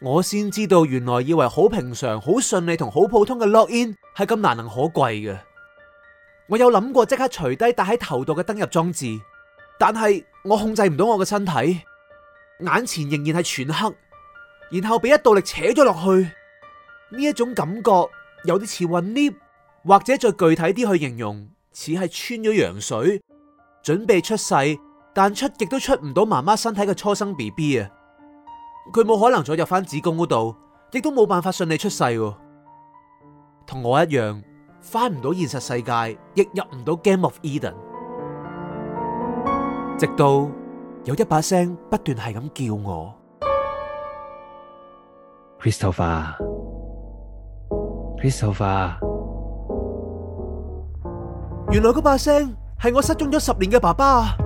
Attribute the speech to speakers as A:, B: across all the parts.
A: 我先知道，原來以為好平常、好順利同好普通嘅 login 係咁難能可貴嘅。我有諗過即刻除低戴喺頭度嘅登入裝置，但係我控制唔到我嘅身體，眼前仍然係全黑，然後俾一道力扯咗落去。呢一種感覺有啲似困 𨋢，或者再具體啲去形容，似係穿咗羊水，準備出世，但出極都出唔到媽媽身體嘅初生 B B 啊。佢冇可能再入翻子宮嗰度，亦都冇辦法順利出世，同我一樣，翻唔到現實世界，亦入唔到 Game of Eden。直到有一把聲不斷係咁叫我，Christopher，Christopher，Christopher，原來嗰把聲係我失蹤咗十年嘅爸爸。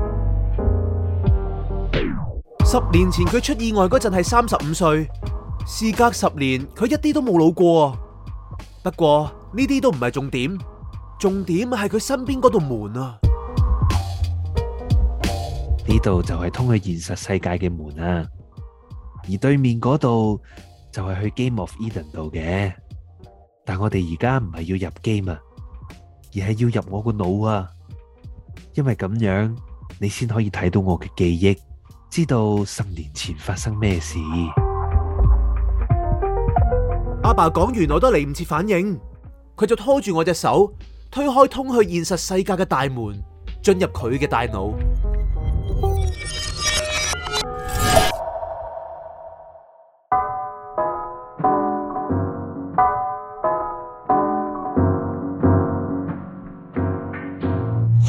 A: 十年前佢出意外嗰陣係三十五歲，事隔十年，佢一啲都冇老過。不過呢啲都唔係重點，重點係佢身邊嗰度門啊！呢度就係通去現實世界嘅門啊，而對面嗰度就係去 Game of Eden 度嘅。但我哋而家唔係要入 game 啊，而係要入我個腦啊，因為咁樣你先可以睇到我嘅記憶。知道十年前發生咩事！阿爸講完我都嚟唔切反應，佢就拖住我隻手推開通去現實世界嘅大門，進入佢嘅大腦。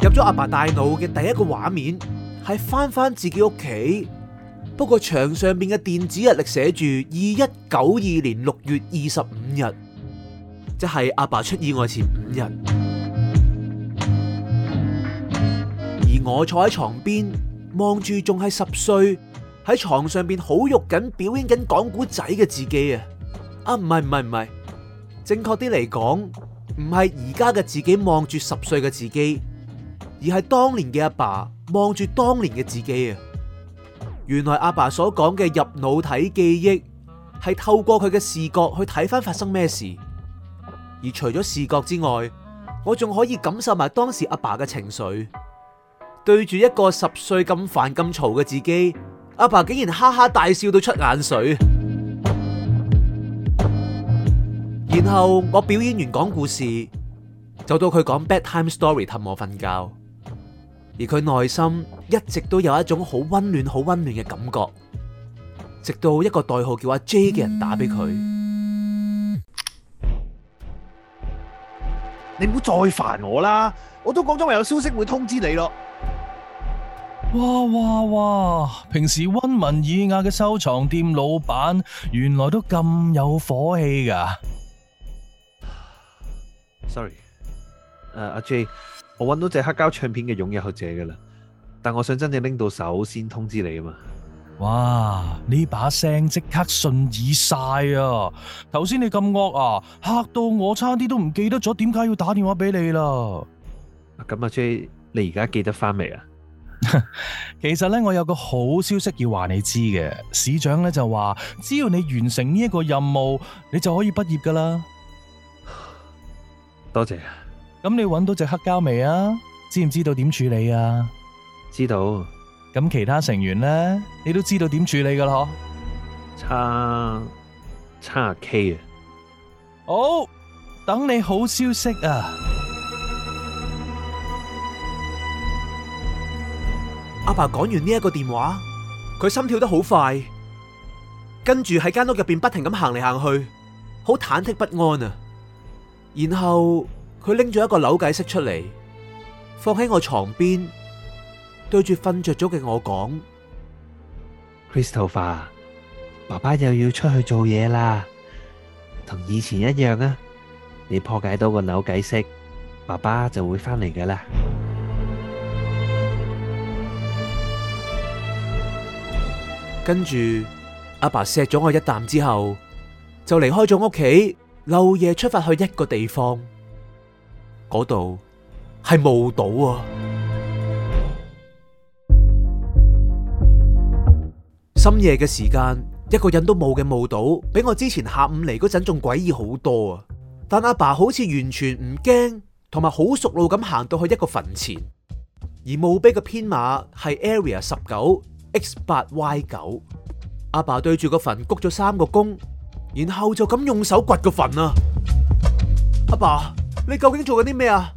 A: 入咗阿爸大腦嘅第一個畫面。係翻翻自己屋企，不過牆上面嘅電子日曆寫住二一九二年六月二十五日，即係阿爸出意外前五日。而我坐喺床邊望住仲係十歲喺床上邊好肉緊表演緊講古仔嘅自己啊！啊，唔係唔係唔係，正確啲嚟講，唔係而家嘅自己望住十歲嘅自己，而係當年嘅阿爸。望住當年嘅自己啊，原來阿爸所講嘅入腦睇記憶係透過佢嘅視覺去睇返發生咩事，而除咗視覺之外，我仲可以感受埋當時阿爸嘅情緒。對住一個十歲咁煩咁嘈嘅自己，阿爸竟然哈哈大笑到出眼水。 然後我表演完講故事，就到佢講 bedtime story 氹我瞓覺。而佢內心一直都有一種好溫暖、好溫暖嘅感覺，直到一個代號叫阿 J 嘅人打俾佢。嗯、你唔好再煩我啦！我都講咗話有消息會通知你咯。
B: 哇哇哇！平時温文爾雅嘅收藏店老闆，原來都咁有火氣噶。Sorry，誒阿 J。我揾到隻黑膠唱片嘅擁有者嘅啦，但我想真
A: 正拎到手先通知你啊嘛。
B: 哇！呢把聲即刻順耳晒啊！頭先你咁惡啊，吓到我差啲都唔記得咗點解要打電話俾你啦。咁阿、啊、J 你而家記得返未啊？ 其實呢，我有個好消息要話你知嘅，市長呢就話，只要你完成呢一個任務，你就可以畢業噶啦。多謝。咁你揾到隻黑膠未啊？知唔知道點處理啊？知道。咁其他成員咧，你都知道點處理噶咯？差差阿 K 啊！好，等你好消息啊！
A: 阿爸講完呢一個電話，佢心跳得好快，跟住喺間屋入邊不停咁行嚟行去，好忐忑不安啊！然後。佢拎咗一個扭計骰出嚟，放喺我床邊，對住瞓着咗嘅我講：Christoper，
B: 爸爸又要出去
A: 做嘢啦，同以前一樣啊。你破解到個扭計骰，爸爸就會翻嚟㗎啦。跟住阿爸錫咗我一啖之後，就離開咗屋企，漏夜出發去一個地方。嗰度係墓島啊！深夜嘅時間，一個人都冇嘅墓島，比我之前下午嚟嗰陣仲詭異好多啊！但阿爸好似完全唔驚，同埋好熟路咁行到去一個墳前，而墓碑嘅編碼係 Area 19 X 8 Y 9。阿爸對住個墳鞠咗三個躬，然後就咁用手掘個墳啊！阿爸。你究竟做緊啲咩啊？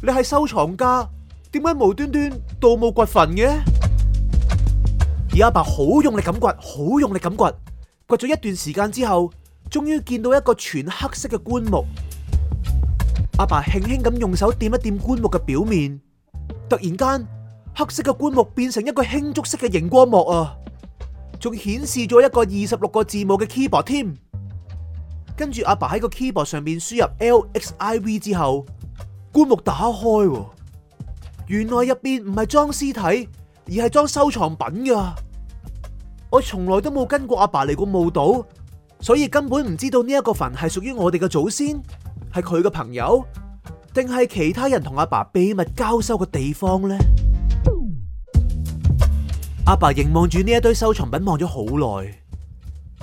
A: 你係收藏家，點解無端端盜墓掘墳嘅？而阿爸好用力咁掘，好用力咁掘，掘咗一段時間之後，終於見到一個全黑色嘅棺木。阿爸輕輕咁用手掂一掂棺木嘅表面，突然間黑色嘅棺木變成一個輕觸式嘅熒光幕啊，仲顯示咗一個二十六個字母嘅 keyboard 添。跟住阿爸喺個 keyboard 上面輸入 LXIV 之後，棺木打開，原來入邊唔係裝屍體，而係裝收藏品噶。我從來都冇跟過阿爸嚟過墓島，所以根本唔知道呢一個墳係屬於我哋嘅祖先，係佢嘅朋友，定係其他人同阿爸秘密交收嘅地方呢？阿爸凝望住呢一堆收藏品望咗好耐，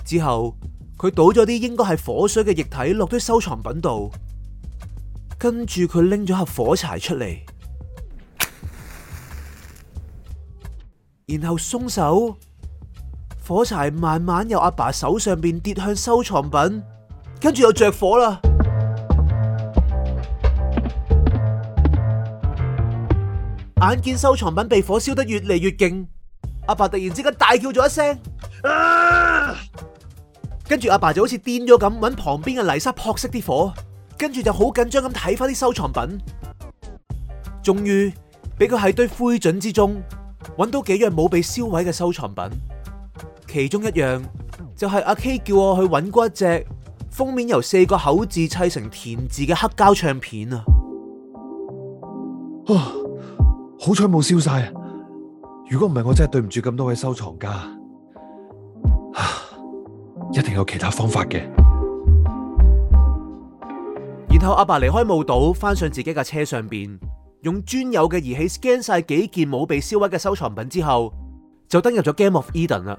A: 之後。佢倒咗啲應該係火水嘅液體落堆收藏品度，跟住佢拎咗盒火柴出嚟，然後鬆手，火柴慢慢由阿爸、爸手上邊跌向收藏品，跟住又着火啦。 眼見收藏品被火燒得越嚟越勁，阿爸、爸突然之間大叫咗一聲。啊跟住阿爸，爸就好似癲咗咁，揾旁邊嘅泥沙撲熄啲火，跟住就好緊張咁睇翻啲收藏品，終於俾佢喺堆灰燼之中揾到幾樣冇被燒毀嘅收藏品，其中一樣就係、是、阿 K 叫我去揾過一隻封面由四個口字砌成田字嘅黑膠唱片啊！
B: 啊、哦，好彩冇燒晒，啊！如果唔係我真係對唔住咁多位收藏家。一定有其
A: 他方法嘅。然後阿爸離開墓島，翻上自己架車上邊，用專有嘅儀器 scan 晒幾件冇被燒毀嘅收藏品之後，就登入咗 Game of Eden 啦。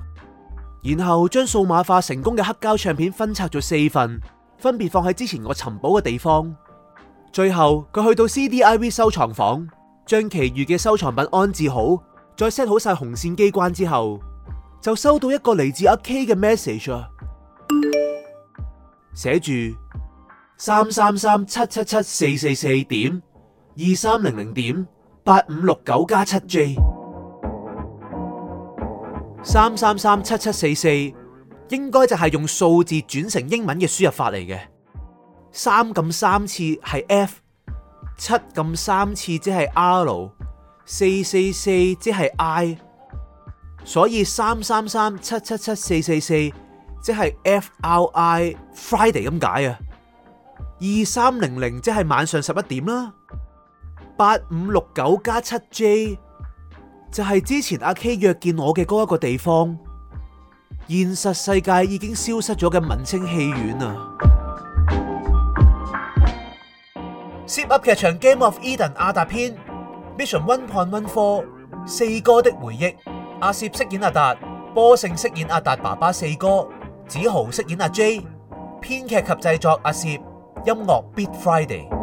A: 然後將數碼化成功嘅黑膠唱片分拆咗四份，分別放喺之前我尋寶嘅地方。最後佢去到 CDIV 收藏房，將其餘嘅收藏品安置好，再 set 好晒紅線機關之後，就收到一個嚟自阿 K 嘅 message 啊！寫住三三三七七七四四四點二三零零點八五六九加七 J 三三三七七四四應該就係用數字轉成英文嘅輸入法嚟嘅。三撳三次係 F，七撳三次即係 R，四四四即係 I，所以三三三七七七四四四。RI, Friday, 00, 即係 F R I Friday 咁解啊！二三零零即係晚上十一點啦。八五六九加七 J 就係之前阿 K 約見我嘅嗰一個地方。現實世界已經消失咗嘅文青戲院啊！Zip 噏劇場《Game of Eden》阿達篇 Mission One Point One Four 四哥的回憶。阿攝飾演阿達，波盛飾演阿達爸爸四哥。子豪飾演阿 J，編劇及製作阿攝，音樂 Beat Friday。